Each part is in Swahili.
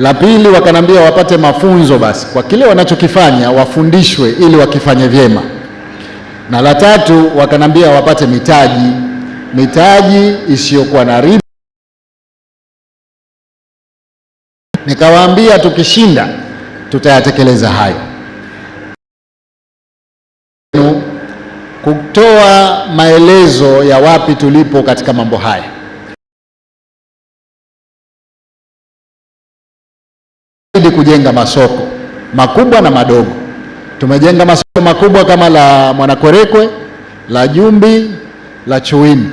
La pili wakanambia wapate mafunzo basi kwa kile wanachokifanya wafundishwe ili wakifanye vyema, na la tatu wakanambia wapate mitaji, mitaji isiyokuwa na riba. Nikawaambia tukishinda tutayatekeleza hayo, kutoa maelezo ya wapi tulipo katika mambo haya. ili kujenga masoko makubwa na madogo. Tumejenga masoko makubwa kama la Mwanakwerekwe, la Jumbi, la Chuini.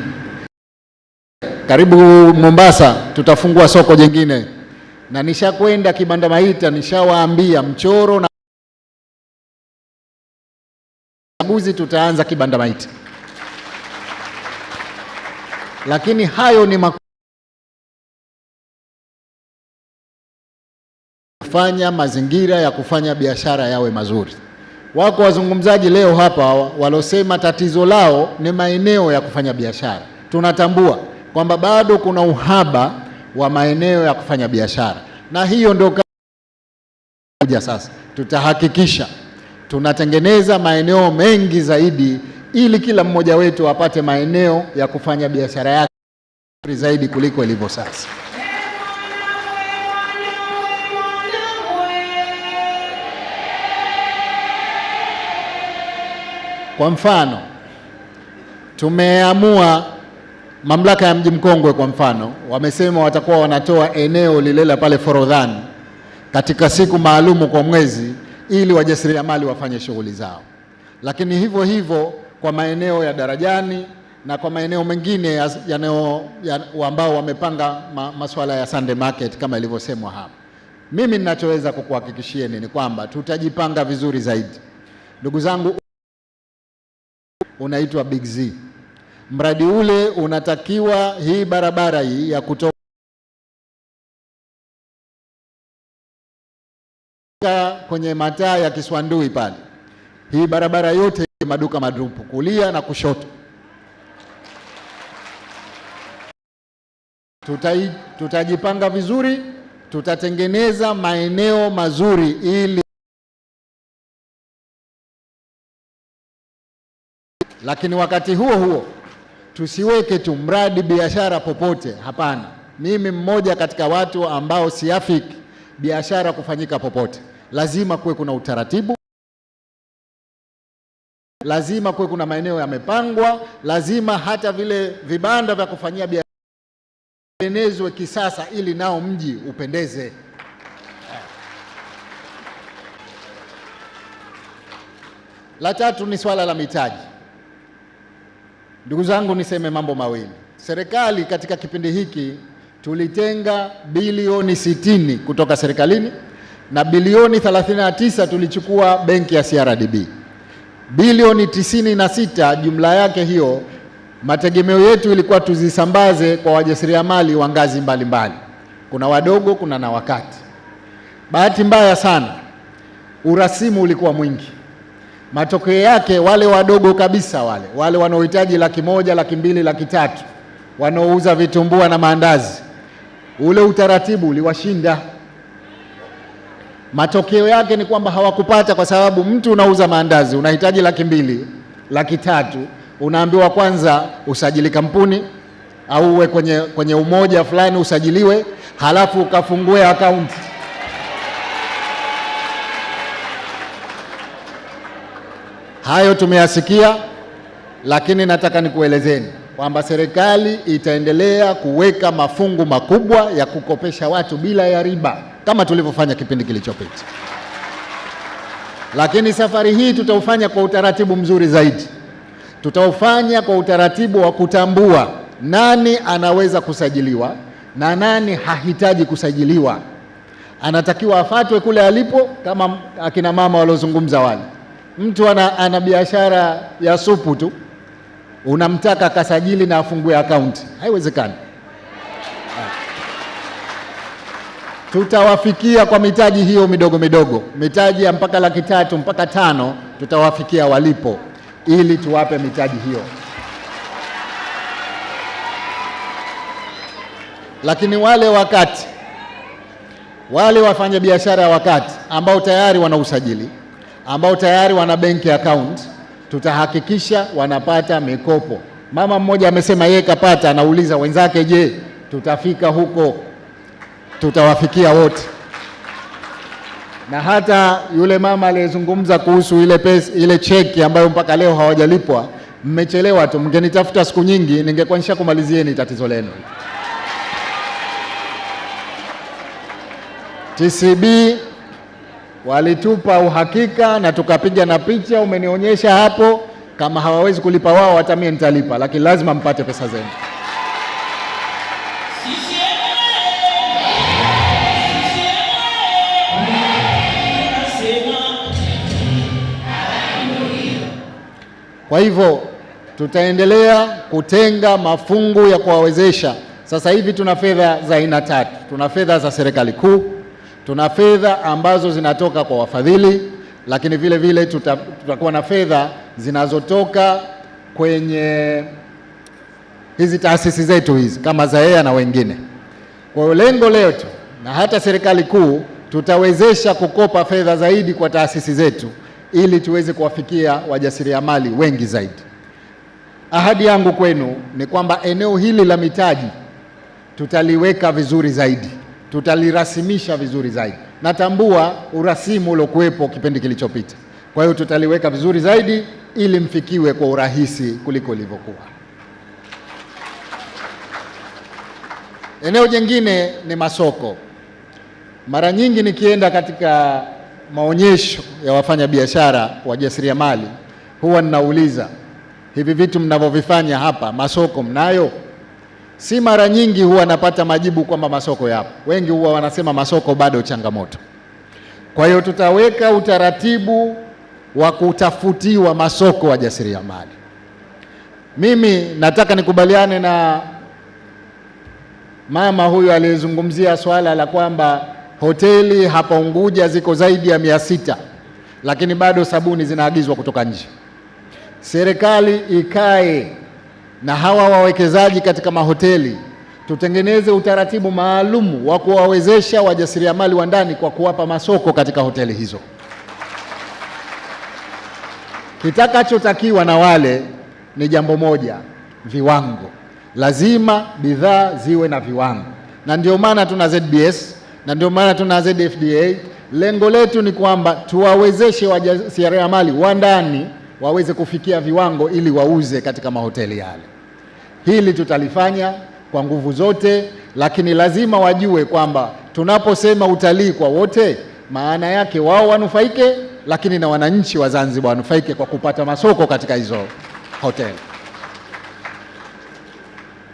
Karibu Mombasa tutafungua soko jingine, na nishakwenda Kibanda Maita, nishawaambia mchoro na chaguzi tutaanza Kibanda Maita, lakini hayo ni maku... kufanya mazingira ya kufanya biashara yawe mazuri. Wako wazungumzaji leo hapa walosema tatizo lao ni maeneo ya kufanya biashara. Tunatambua kwamba bado kuna uhaba wa maeneo ya kufanya biashara, na hiyo ndio kuja sasa. Tutahakikisha tunatengeneza maeneo mengi zaidi, ili kila mmoja wetu apate maeneo ya kufanya biashara yake zaidi kuliko ilivyo sasa. Kwa mfano tumeamua mamlaka ya mji mkongwe, kwa mfano wamesema watakuwa wanatoa eneo lile la pale Forodhani katika siku maalumu kwa mwezi, ili wajasiriamali wafanye shughuli zao, lakini hivyo hivyo kwa maeneo ya Darajani na kwa maeneo mengine ambao ya, ya, wamepanga ma, masuala ya Sunday market kama ilivyosemwa hapa. Mimi ninachoweza kukuhakikishieni ni kwamba tutajipanga vizuri zaidi, ndugu zangu unaitwa Big Z. Mradi ule unatakiwa hii barabara hii ya kutoka kwenye mataa ya Kiswandui pale, hii barabara yote maduka madupu kulia na kushoto tutajipanga vizuri, tutatengeneza maeneo mazuri ili Lakini wakati huo huo tusiweke tu mradi biashara popote. Hapana, mimi mmoja katika watu ambao siafiki biashara kufanyika popote. Lazima kuwe kuna utaratibu, lazima kuwe kuna maeneo yamepangwa, lazima hata vile vibanda vya kufanyia biashara enezwe kisasa, ili nao mji upendeze. La tatu ni swala la mitaji. Ndugu zangu, niseme mambo mawili. Serikali katika kipindi hiki tulitenga bilioni 60 kutoka serikalini na bilioni 39 tulichukua benki ya CRDB, bilioni sita jumla yake hiyo. Mategemeo yetu ilikuwa tuzisambaze kwa wajasiriamali wa ngazi mbalimbali, kuna wadogo, kuna na wakati. Bahati mbaya sana urasimu ulikuwa mwingi Matokeo yake wale wadogo kabisa wale wale wanaohitaji laki moja, laki mbili, laki tatu, wanaouza vitumbua na maandazi, ule utaratibu uliwashinda. Matokeo yake ni kwamba hawakupata, kwa sababu mtu unauza maandazi unahitaji laki mbili, laki tatu, unaambiwa kwanza usajili kampuni au uwe kwenye, kwenye umoja fulani usajiliwe, halafu ukafungue akaunti Hayo tumeyasikia, lakini nataka nikuelezeni kwamba serikali itaendelea kuweka mafungu makubwa ya kukopesha watu bila ya riba kama tulivyofanya kipindi kilichopita, lakini safari hii tutaufanya kwa utaratibu mzuri zaidi. Tutaufanya kwa utaratibu wa kutambua nani anaweza kusajiliwa na nani hahitaji kusajiliwa. Anatakiwa afatwe kule alipo, kama akina mama waliozungumza wale mtu ana, ana biashara ya supu tu unamtaka akasajili na afungue akaunti, haiwezekani. Tutawafikia kwa mitaji hiyo midogo midogo, mitaji ya mpaka laki tatu mpaka tano, tutawafikia walipo ili tuwape mitaji hiyo. Lakini wale wakati wale wafanya biashara ya wakati ambao tayari wana usajili ambao tayari wana benki account, tutahakikisha wanapata mikopo. Mama mmoja amesema yeye kapata, anauliza wenzake, je, tutafika huko? Tutawafikia wote. Na hata yule mama aliyezungumza kuhusu ile pesa, ile cheki ambayo mpaka leo hawajalipwa, mmechelewa tu, mngenitafuta siku nyingi, ningekuwa nisha kumalizieni tatizo lenu. TCB walitupa uhakika na tukapiga na picha, umenionyesha hapo. Kama hawawezi kulipa wao, hata mimi nitalipa, lakini lazima mpate pesa zenu. Kwa hivyo tutaendelea kutenga mafungu ya kuwawezesha. Sasa hivi tuna fedha za aina tatu. Tuna fedha za serikali kuu Tuna fedha ambazo zinatoka kwa wafadhili, lakini vile vile tuta, tutakuwa na fedha zinazotoka kwenye hizi taasisi zetu hizi kama ZAEA na wengine. Kwa hiyo lengo letu na hata serikali kuu tutawezesha kukopa fedha zaidi kwa taasisi zetu ili tuweze kuwafikia wajasiriamali wengi zaidi. Ahadi yangu kwenu ni kwamba eneo hili la mitaji tutaliweka vizuri zaidi tutalirasimisha vizuri zaidi. Natambua urasimu uliokuwepo kipindi kilichopita, kwa hiyo tutaliweka vizuri zaidi ili mfikiwe kwa urahisi kuliko ilivyokuwa. Eneo jingine ni masoko. Mara nyingi nikienda katika maonyesho ya wafanyabiashara wajasiriamali, huwa ninauliza hivi vitu mnavyovifanya hapa masoko mnayo? Si mara nyingi huwa napata majibu kwamba masoko yapo. Wengi huwa wanasema masoko bado changamoto. Kwa hiyo tutaweka utaratibu wa kutafutiwa masoko wa jasiriamali. Mimi nataka nikubaliane na mama huyu aliyezungumzia swala la kwamba hoteli hapa Unguja ziko zaidi ya mia sita lakini bado sabuni zinaagizwa kutoka nje. Serikali ikae na hawa wawekezaji katika mahoteli, tutengeneze utaratibu maalum wa kuwawezesha wajasiriamali wa ndani kwa kuwapa masoko katika hoteli hizo. Kitakachotakiwa na wale ni jambo moja, viwango. Lazima bidhaa ziwe na viwango, na ndio maana tuna ZBS na ndio maana tuna ZFDA. Lengo letu ni kwamba tuwawezeshe wajasiriamali wa ndani waweze kufikia viwango ili wauze katika mahoteli yale. Hili tutalifanya kwa nguvu zote, lakini lazima wajue kwamba tunaposema utalii kwa wote, maana yake wao wanufaike, lakini na wananchi wa Zanzibar wanufaike kwa kupata masoko katika hizo hoteli.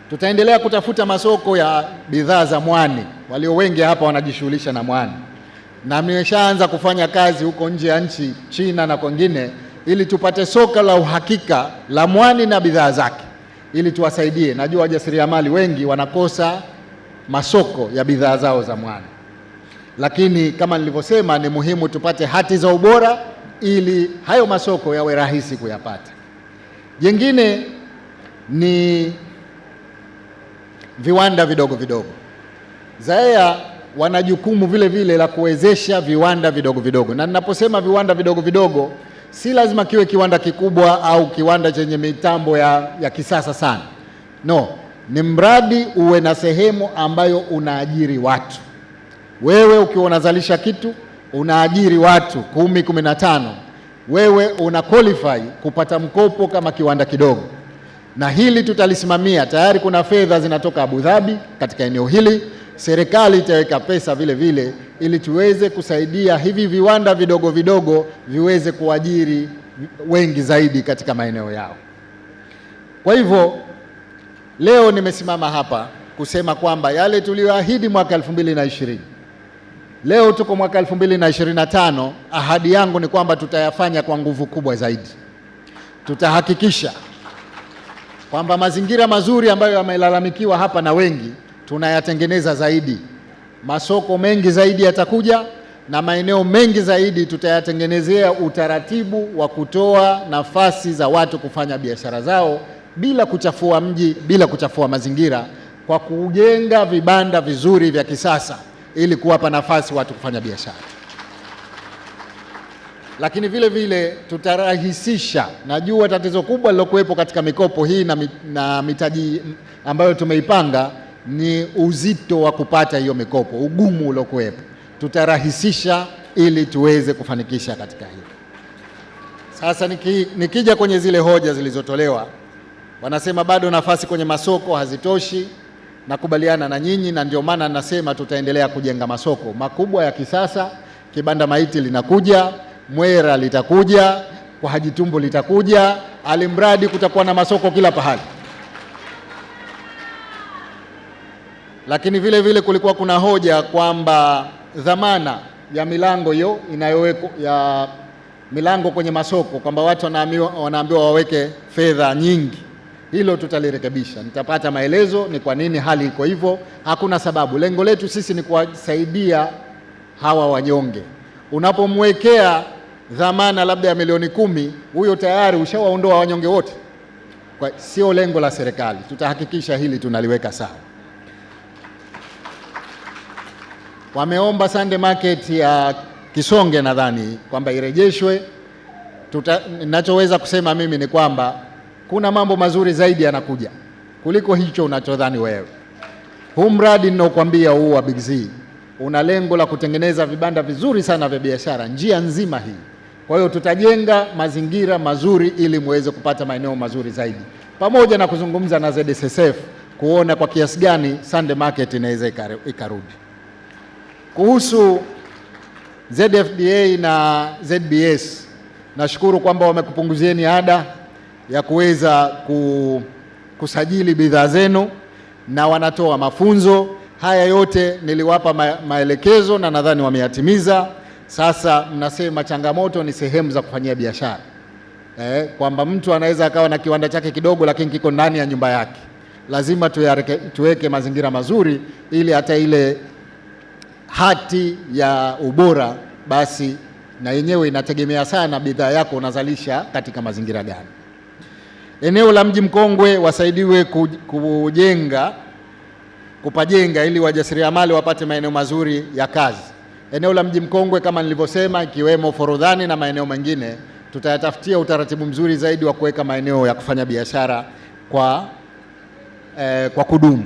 Tutaendelea kutafuta masoko ya bidhaa za mwani. Walio wengi hapa wanajishughulisha na mwani, na nimeshaanza kufanya kazi huko nje ya nchi, China na kwengine, ili tupate soko la uhakika la mwani na bidhaa zake ili tuwasaidie. Najua wajasiriamali wengi wanakosa masoko ya bidhaa zao za mwani, lakini kama nilivyosema, ni muhimu tupate hati za ubora ili hayo masoko yawe rahisi kuyapata. Jengine ni viwanda vidogo vidogo. ZAEA wana jukumu vile vile la kuwezesha viwanda vidogo vidogo, na ninaposema viwanda vidogo vidogo si lazima kiwe kiwanda kikubwa au kiwanda chenye mitambo ya, ya kisasa sana. No, ni mradi uwe na sehemu ambayo unaajiri watu. Wewe ukiwa unazalisha kitu unaajiri watu kumi, kumi na tano, wewe una qualify kupata mkopo kama kiwanda kidogo, na hili tutalisimamia. Tayari kuna fedha zinatoka Abu Dhabi katika eneo hili serikali itaweka pesa vile vile ili tuweze kusaidia hivi viwanda vidogo vidogo viweze kuajiri wengi zaidi katika maeneo yao. Kwa hivyo leo nimesimama hapa kusema kwamba yale tuliyoahidi mwaka 2020 leo tuko mwaka 2025, ahadi yangu ni kwamba tutayafanya kwa nguvu kubwa zaidi. Tutahakikisha kwamba mazingira mazuri ambayo yamelalamikiwa hapa na wengi tunayatengeneza zaidi. Masoko mengi zaidi yatakuja na maeneo mengi zaidi tutayatengenezea utaratibu wa kutoa nafasi za watu kufanya biashara zao bila kuchafua mji, bila kuchafua mazingira, kwa kujenga vibanda vizuri vya kisasa ili kuwapa nafasi watu kufanya biashara. Lakini vile vile tutarahisisha, najua tatizo kubwa lilokuwepo katika mikopo hii na mitaji ambayo tumeipanga ni uzito wa kupata hiyo mikopo, ugumu uliokuwepo, tutarahisisha ili tuweze kufanikisha katika hiyo. Sasa niki, nikija kwenye zile hoja zilizotolewa, wanasema bado nafasi kwenye masoko hazitoshi. Nakubaliana na nyinyi, na ndio maana nasema tutaendelea kujenga masoko makubwa ya kisasa. Kibanda Maiti linakuja, Mwera litakuja, kwa Hajitumbo litakuja, alimradi kutakuwa na masoko kila pahali. Lakini vile vile kulikuwa kuna hoja kwamba dhamana ya milango hiyo inayowekwa ya milango kwenye masoko kwamba watu wanaambiwa waweke fedha nyingi. Hilo tutalirekebisha, nitapata maelezo ni kwa nini hali iko hivyo. Hakuna sababu, lengo letu sisi ni kuwasaidia hawa wanyonge. Unapomwekea dhamana labda ya milioni kumi, huyo tayari ushawaondoa wanyonge wote. Kwa sio lengo la serikali, tutahakikisha hili tunaliweka sawa. wameomba Sunday market ya Kisonge nadhani kwamba irejeshwe. Ninachoweza kusema mimi ni kwamba kuna mambo mazuri zaidi yanakuja kuliko hicho unachodhani wewe. Huu mradi ninaokuambia huu wa Big Z una lengo la kutengeneza vibanda vizuri sana vya biashara njia nzima hii. Kwa hiyo tutajenga mazingira mazuri ili muweze kupata maeneo mazuri zaidi, pamoja na kuzungumza na ZSSF kuona kwa kiasi gani Sunday market inaweza ikarudi. Kuhusu ZFDA na ZBS, nashukuru kwamba wamekupunguzieni ada ya kuweza kusajili bidhaa zenu na wanatoa mafunzo haya yote. Niliwapa ma maelekezo na nadhani wameyatimiza. Sasa mnasema changamoto ni sehemu za kufanyia biashara eh, kwamba mtu anaweza akawa na kiwanda chake kidogo, lakini kiko ndani ya nyumba yake. Lazima tuweke mazingira mazuri ili hata ile hati ya ubora, basi na yenyewe inategemea sana bidhaa yako unazalisha katika mazingira gani. Eneo la mji mkongwe wasaidiwe kujenga, kupajenga ili wajasiriamali wapate maeneo mazuri ya kazi. Eneo la mji mkongwe kama nilivyosema, ikiwemo Forodhani na maeneo mengine, tutayatafutia utaratibu mzuri zaidi wa kuweka maeneo ya kufanya biashara kwa, eh, kwa kudumu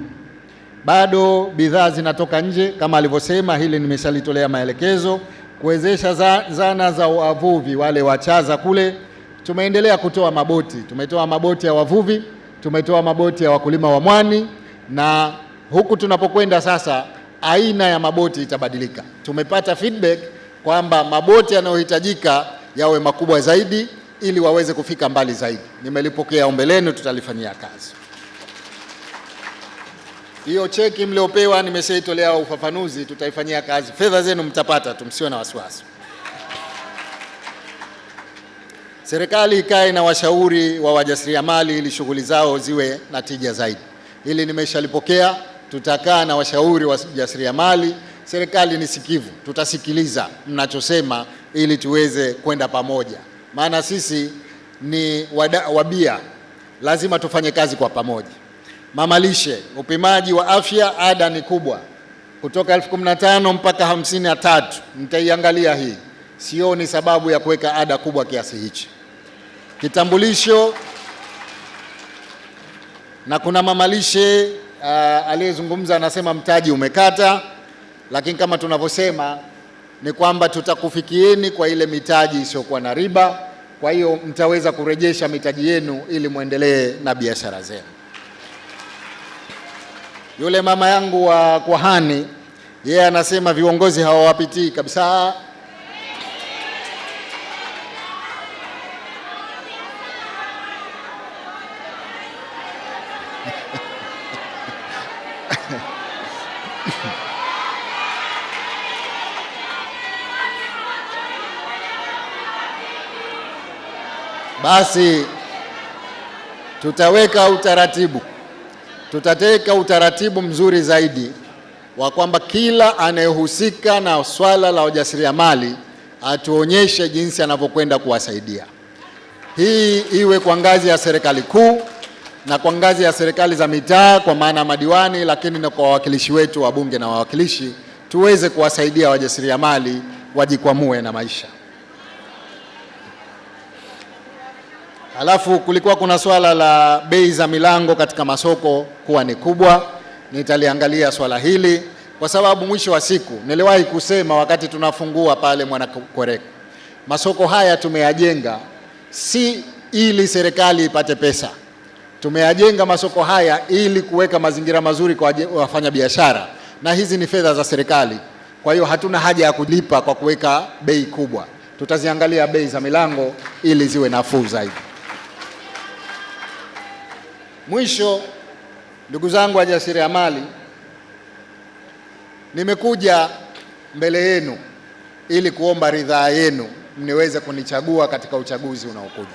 bado bidhaa zinatoka nje, kama alivyosema, hili nimeshalitolea maelekezo. Kuwezesha za, zana za wavuvi wale wachaza kule, tumeendelea kutoa maboti. Tumetoa maboti ya wavuvi, tumetoa maboti ya wakulima wa mwani, na huku tunapokwenda sasa, aina ya maboti itabadilika. Tumepata feedback kwamba maboti yanayohitajika yawe makubwa zaidi ili waweze kufika mbali zaidi. Nimelipokea ombi lenu, tutalifanyia kazi hiyo cheki mliopewa nimeshaitolea ufafanuzi, tutaifanyia kazi. Fedha zenu mtapata tu, msio na wasiwasi. Serikali ikae na washauri wa wajasiriamali ili shughuli zao ziwe na tija zaidi. Hili nimeshalipokea, tutakaa na washauri wa wajasiriamali. Serikali ni sikivu, tutasikiliza mnachosema ili tuweze kwenda pamoja, maana sisi ni wada, wabia, lazima tufanye kazi kwa pamoja mamalishe upimaji wa afya, ada ni kubwa, kutoka elfu kumi na tano mpaka hamsini na tatu. Nitaiangalia hii, sioni sababu ya kuweka ada kubwa kiasi hichi. Kitambulisho na kuna mamalishe uh, ah, aliyezungumza anasema mtaji umekata, lakini kama tunavyosema ni kwamba tutakufikieni kwa ile mitaji isiyokuwa na riba. Kwa hiyo mtaweza kurejesha mitaji yenu ili muendelee na biashara zenu. Yule mama yangu wa kuhani yeye yeah, anasema viongozi hawawapitii kabisa. Basi tutaweka utaratibu tutateka utaratibu mzuri zaidi wa kwamba kila anayehusika na swala la wajasiriamali atuonyeshe jinsi anavyokwenda kuwasaidia. Hii iwe kwa ngazi ya serikali kuu na kwa ngazi ya serikali za mitaa, kwa maana ya madiwani, lakini na kwa wawakilishi wetu wa bunge na wawakilishi, tuweze kuwasaidia wajasiriamali wajikwamue na maisha. Alafu kulikuwa kuna swala la bei za milango katika masoko kuwa ni kubwa. Nitaliangalia swala hili kwa sababu mwisho wa siku niliwahi kusema wakati tunafungua pale Mwanakwerekwe, masoko haya tumeyajenga si ili serikali ipate pesa. Tumeyajenga masoko haya ili kuweka mazingira mazuri kwa wafanyabiashara, na hizi ni fedha za serikali. Kwa hiyo hatuna haja ya kulipa kwa kuweka bei kubwa. Tutaziangalia bei za milango ili ziwe nafuu zaidi. Mwisho, ndugu zangu wajasiriamali, nimekuja mbele yenu ili kuomba ridhaa yenu mniweze kunichagua katika uchaguzi unaokuja.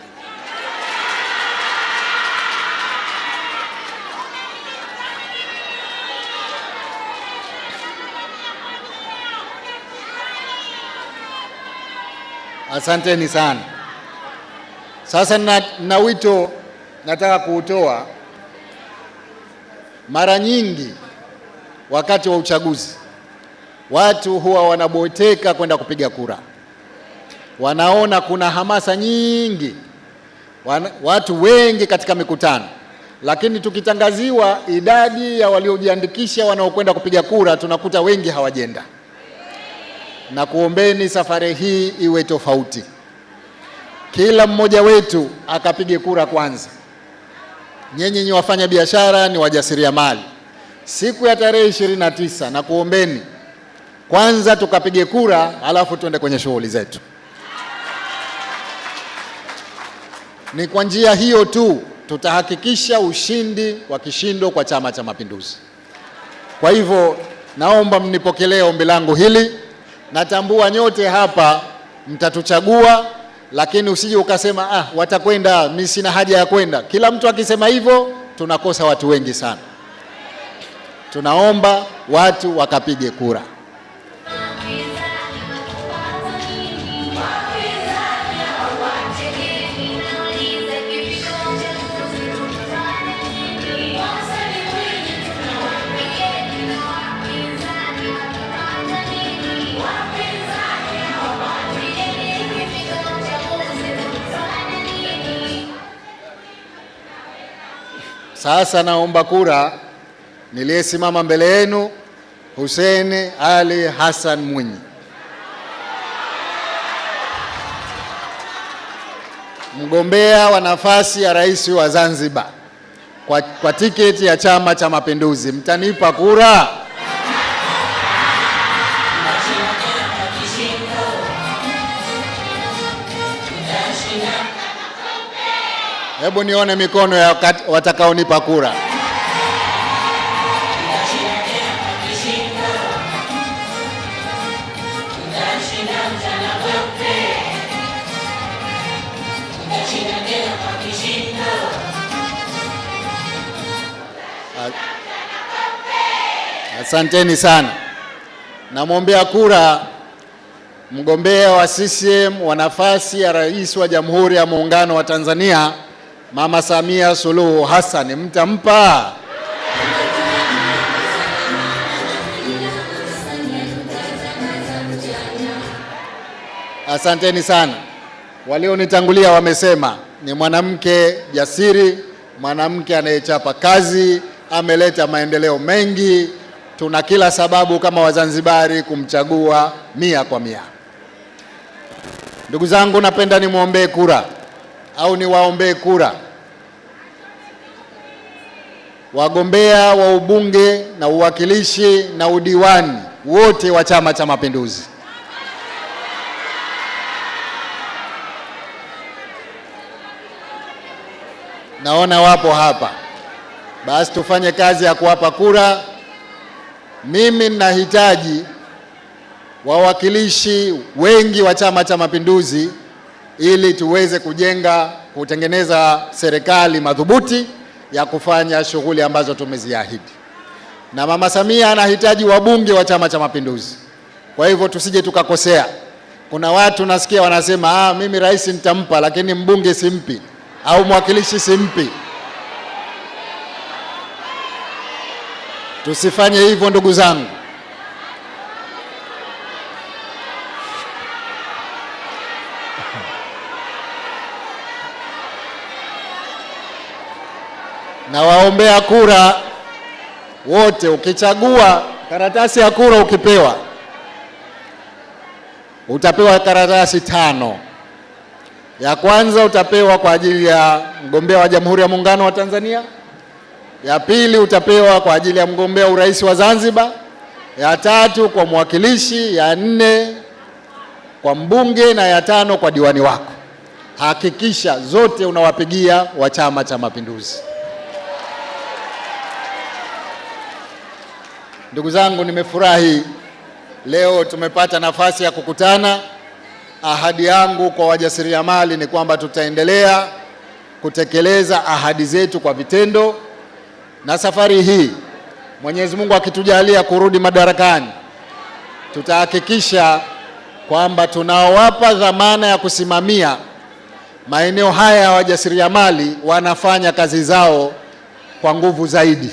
Asanteni sana. Sasa na, na wito nataka kuutoa mara nyingi wakati wa uchaguzi watu huwa wanaboteka kwenda kupiga kura, wanaona kuna hamasa nyingi, watu wengi katika mikutano, lakini tukitangaziwa idadi ya waliojiandikisha wanaokwenda kupiga kura tunakuta wengi hawajenda. Na kuombeni safari hii iwe tofauti, kila mmoja wetu akapige kura kwanza nyinyi ni wafanya biashara, ni wajasiriamali. Siku ya tarehe ishirini na tisa na kuombeni kwanza tukapige kura, alafu tuende kwenye shughuli zetu. Ni kwa njia hiyo tu tutahakikisha ushindi wa kishindo kwa Chama cha Mapinduzi. Kwa hivyo, naomba mnipokelee ombi langu hili. Natambua nyote hapa mtatuchagua lakini usije ukasema ah, watakwenda, mi sina haja ya kwenda. Kila mtu akisema hivyo, tunakosa watu wengi sana. Tunaomba watu wakapige kura. Sasa naomba kura niliyesimama mbele yenu, Hussein Ali Hassan Mwinyi. Mgombea wa nafasi ya rais wa Zanzibar kwa, kwa tiketi ya Chama cha Mapinduzi, mtanipa kura? Hebu nione mikono ya watakaonipa kura. Asanteni sana. Namwombea kura mgombea wa CCM wa nafasi ya rais wa Jamhuri ya Muungano wa Tanzania Mama Samia Suluhu Hassan mtampa? Asanteni sana. Walionitangulia wamesema ni mwanamke jasiri, mwanamke anayechapa kazi, ameleta maendeleo mengi. Tuna kila sababu kama Wazanzibari kumchagua mia kwa mia. Ndugu zangu, napenda nimwombee kura au niwaombee kura wagombea wa ubunge na uwakilishi na udiwani wote wa Chama cha Mapinduzi. Naona wapo hapa, basi tufanye kazi ya kuwapa kura. Mimi ninahitaji wawakilishi wengi wa Chama cha Mapinduzi ili tuweze kujenga kutengeneza serikali madhubuti ya kufanya shughuli ambazo tumeziahidi. Na Mama Samia anahitaji wabunge wa Chama cha Mapinduzi. Kwa hivyo tusije tukakosea. Kuna watu nasikia wanasema ah, mimi rais nitampa, lakini mbunge simpi au mwakilishi simpi. Tusifanye hivyo ndugu zangu. na waombea kura wote, ukichagua karatasi ya kura, ukipewa utapewa karatasi tano. Ya kwanza utapewa kwa ajili ya mgombea wa Jamhuri ya Muungano wa Tanzania, ya pili utapewa kwa ajili ya mgombea urais wa Zanzibar, ya tatu kwa mwakilishi, ya nne kwa mbunge na ya tano kwa diwani wako. Hakikisha zote unawapigia wa Chama cha Mapinduzi. Ndugu zangu, nimefurahi leo tumepata nafasi ya kukutana. Ahadi yangu kwa wajasiriamali ni kwamba tutaendelea kutekeleza ahadi zetu kwa vitendo, na safari hii Mwenyezi Mungu akitujalia kurudi madarakani, tutahakikisha kwamba tunaowapa dhamana ya kusimamia maeneo haya ya wajasiriamali wanafanya kazi zao kwa nguvu zaidi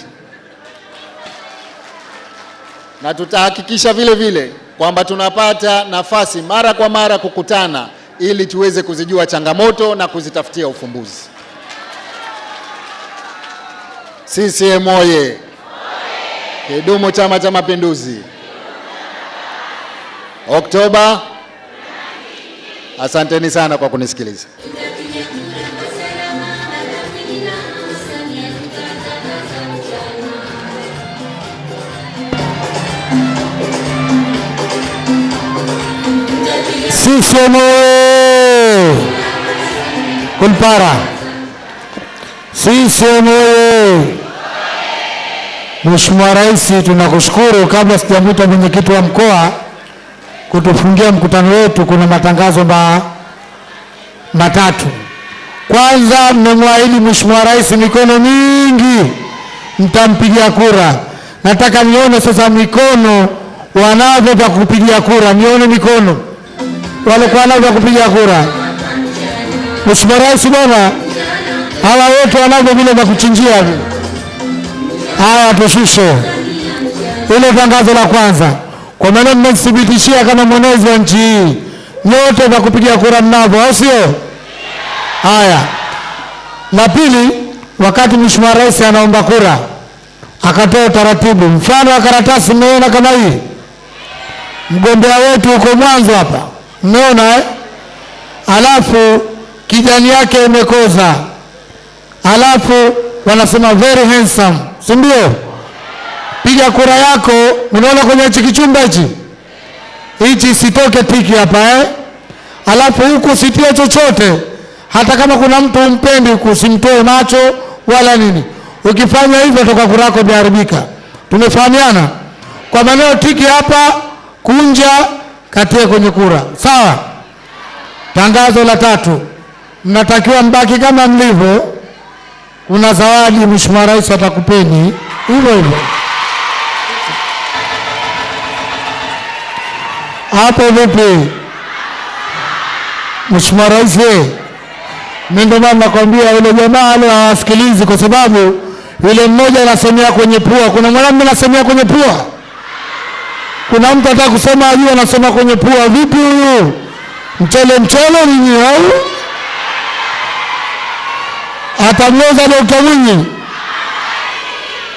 na tutahakikisha vile vile kwamba tunapata nafasi mara kwa mara kukutana ili tuweze kuzijua changamoto na kuzitafutia ufumbuzi. CCM oye! Kidumu Chama cha Mapinduzi! Oktoba! Asanteni sana kwa kunisikiliza. CCM Kulpara, CCM oye! Mheshimiwa Rais, tunakushukuru. Kabla sijamwita mwenyekiti wa mkoa kutufungia mkutano wetu, kuna matangazo ma matatu. Kwanza, mmemwahidi Mheshimiwa Rais mikono mingi mtampigia kura. Nataka nione sasa mikono wanavyo vya kupigia kura, nione mikono walikuwa nao kupiga kura. Mheshimiwa Rais bwana, hawa wote wanavyo vile vya kuchinjia hivi, hawa watushushe. Ile tangazo la kwanza, kwa maana mnathibitishia kama mwenezi wa nchi hii, nyote vya kupiga kura mnavyo, au sio? Haya, la pili, wakati Mheshimiwa Rais anaomba kura akatoa utaratibu mfano wa karatasi mmeona kama hii. Mgombea wetu uko mwanzo hapa Mmeona eh? Alafu kijani yake imekoza, alafu wanasema very handsome, si ndio? Piga kura yako. Unaona kwenye hichi kichumba hichi hichi, sitoke tiki hapa eh? Alafu huku sitie chochote, hata kama kuna mtu umpendi huku simtoe macho wala nini. Ukifanya hivyo, toka kura yako imeharibika. Tumefahamiana kwa maneno, tiki hapa, kunja katie kwenye kura, sawa. Tangazo la tatu, mnatakiwa mbaki kama mlivyo. Kuna zawadi Mheshimiwa Rais atakupeni hivyo hivyo hapo. Vipi Mheshimiwa Rais? Mimi ndio maana nakwambia yule jamaa leo hawasikilizi, kwa sababu yule mmoja anasemea kwenye pua, kuna mwanamume anasemea kwenye pua kuna mtu anataka kusema ajua anasoma kwenye pua. Vipi huyu mchele mchele ninyi au atamweza Dokta Mwinyi?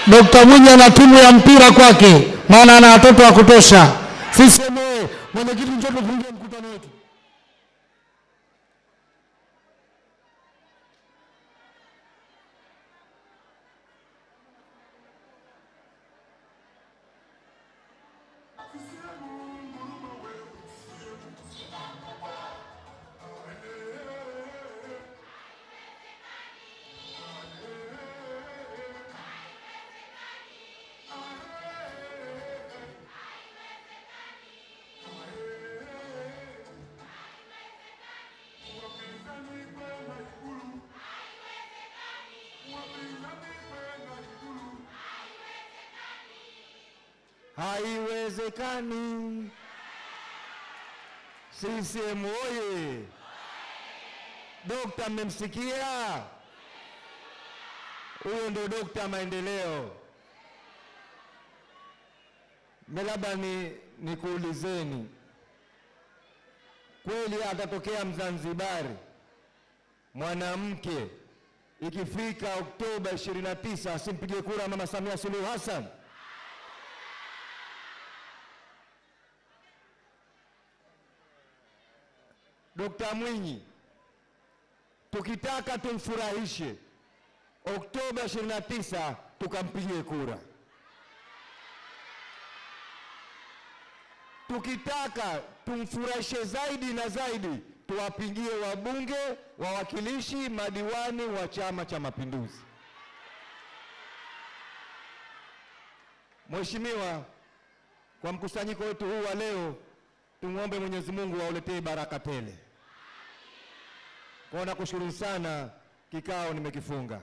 Dokta Mwinyi ana timu ya mpira kwake, maana ana watoto wa kutosha. Sisi mwenyekiti Haiwezekani! CCM oye! Dokta mmemsikia huyo, ndio dokta maendeleo. Labda ni nikuulizeni, kweli atatokea Mzanzibari mwanamke ikifika Oktoba 29 asimpige kura Mama Samia Suluhu Hassan? Dokta Mwinyi, tukitaka tumfurahishe Oktoba 29 tukampigie kura. Tukitaka tumfurahishe zaidi na zaidi, tuwapigie wabunge, wawakilishi, madiwani wa Chama cha Mapinduzi. Mheshimiwa, kwa mkusanyiko wetu huu wa leo, tumwombe Mwenyezi Mungu auletee baraka tele. Kwa nakushukuru sana, kikao nimekifunga.